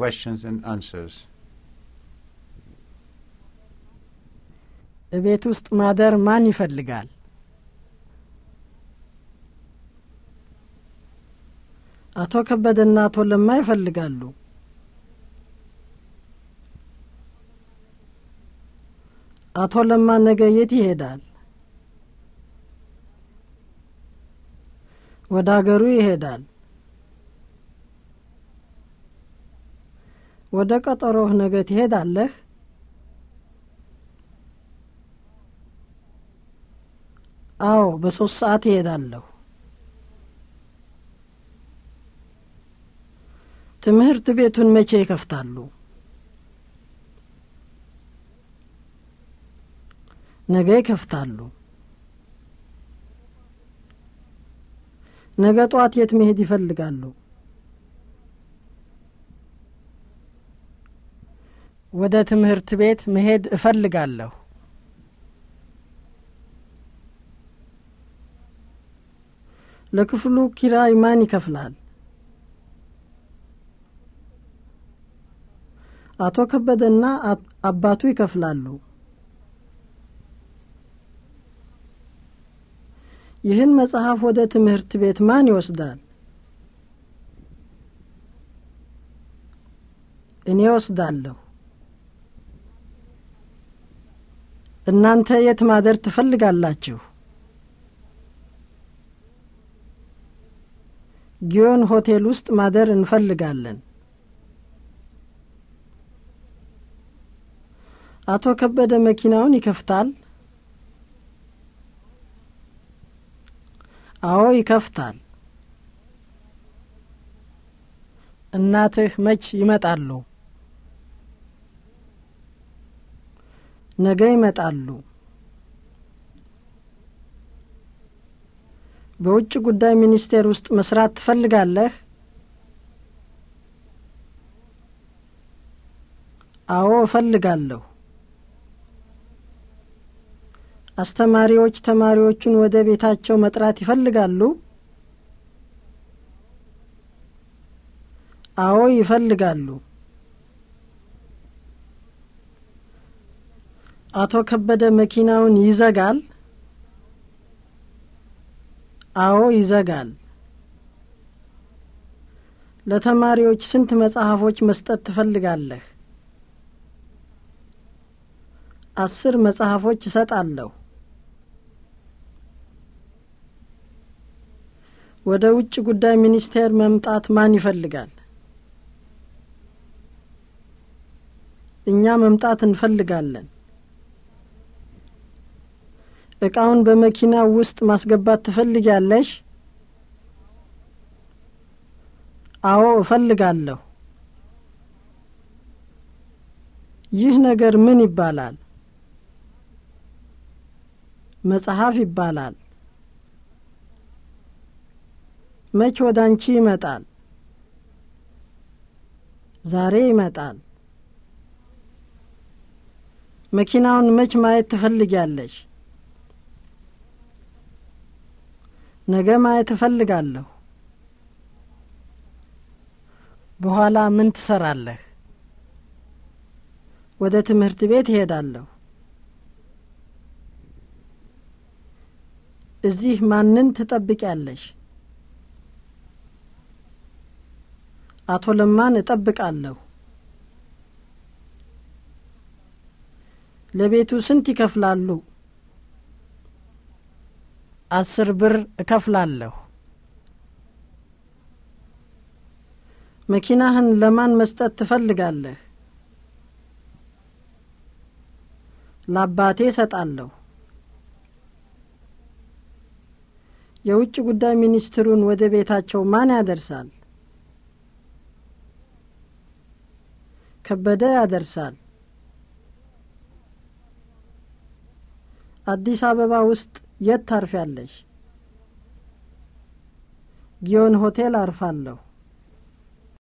questions and answers. እቤት ውስጥ ማደር ማን ይፈልጋል? አቶ ከበደና አቶ ለማ ይፈልጋሉ። አቶ ለማ ነገ የት ይሄዳል? ወደ አገሩ ይሄዳል። ወደ ቀጠሮህ ነገ ትሄዳለህ? አዎ፣ በሶስት ሰዓት እሄዳለሁ። ትምህርት ቤቱን መቼ ይከፍታሉ? ነገ ይከፍታሉ። ነገ ጠዋት የት መሄድ ይፈልጋሉ? ወደ ትምህርት ቤት መሄድ እፈልጋለሁ። ለክፍሉ ኪራይ ማን ይከፍላል? አቶ ከበደና አባቱ ይከፍላሉ። ይህን መጽሐፍ ወደ ትምህርት ቤት ማን ይወስዳል? እኔ እወስዳለሁ። እናንተ የት ማደር ትፈልጋላችሁ? ጊዮን ሆቴል ውስጥ ማደር እንፈልጋለን። አቶ ከበደ መኪናውን ይከፍታል? አዎ ይከፍታል። እናትህ መች ይመጣሉ? ነገ ይመጣሉ። በውጭ ጉዳይ ሚኒስቴር ውስጥ መስራት ትፈልጋለህ? አዎ እፈልጋለሁ። አስተማሪዎች ተማሪዎቹን ወደ ቤታቸው መጥራት ይፈልጋሉ? አዎ ይፈልጋሉ። አቶ ከበደ መኪናውን ይዘጋል? አዎ ይዘጋል። ለተማሪዎች ስንት መጽሐፎች መስጠት ትፈልጋለህ? አስር መጽሐፎች እሰጣለሁ። ወደ ውጭ ጉዳይ ሚኒስቴር መምጣት ማን ይፈልጋል? እኛ መምጣት እንፈልጋለን። እቃውን በመኪና ውስጥ ማስገባት ትፈልጊያለሽ? አዎ እፈልጋለሁ። ይህ ነገር ምን ይባላል? መጽሐፍ ይባላል። መቼ ወደ አንቺ ይመጣል? ዛሬ ይመጣል። መኪናውን መች ማየት ትፈልጊያለሽ? ነገ ማየት እፈልጋለሁ። በኋላ ምን ትሰራለህ? ወደ ትምህርት ቤት እሄዳለሁ። እዚህ ማንን ትጠብቂያለሽ? አቶ ለማን እጠብቃለሁ። ለቤቱ ስንት ይከፍላሉ? አስር ብር እከፍላለሁ። መኪናህን ለማን መስጠት ትፈልጋለህ? ለአባቴ እሰጣለሁ። የውጭ ጉዳይ ሚኒስትሩን ወደ ቤታቸው ማን ያደርሳል? ከበደ ያደርሳል። አዲስ አበባ ውስጥ የት ታርፊያለሽ? ጊዮን ሆቴል አርፋለሁ።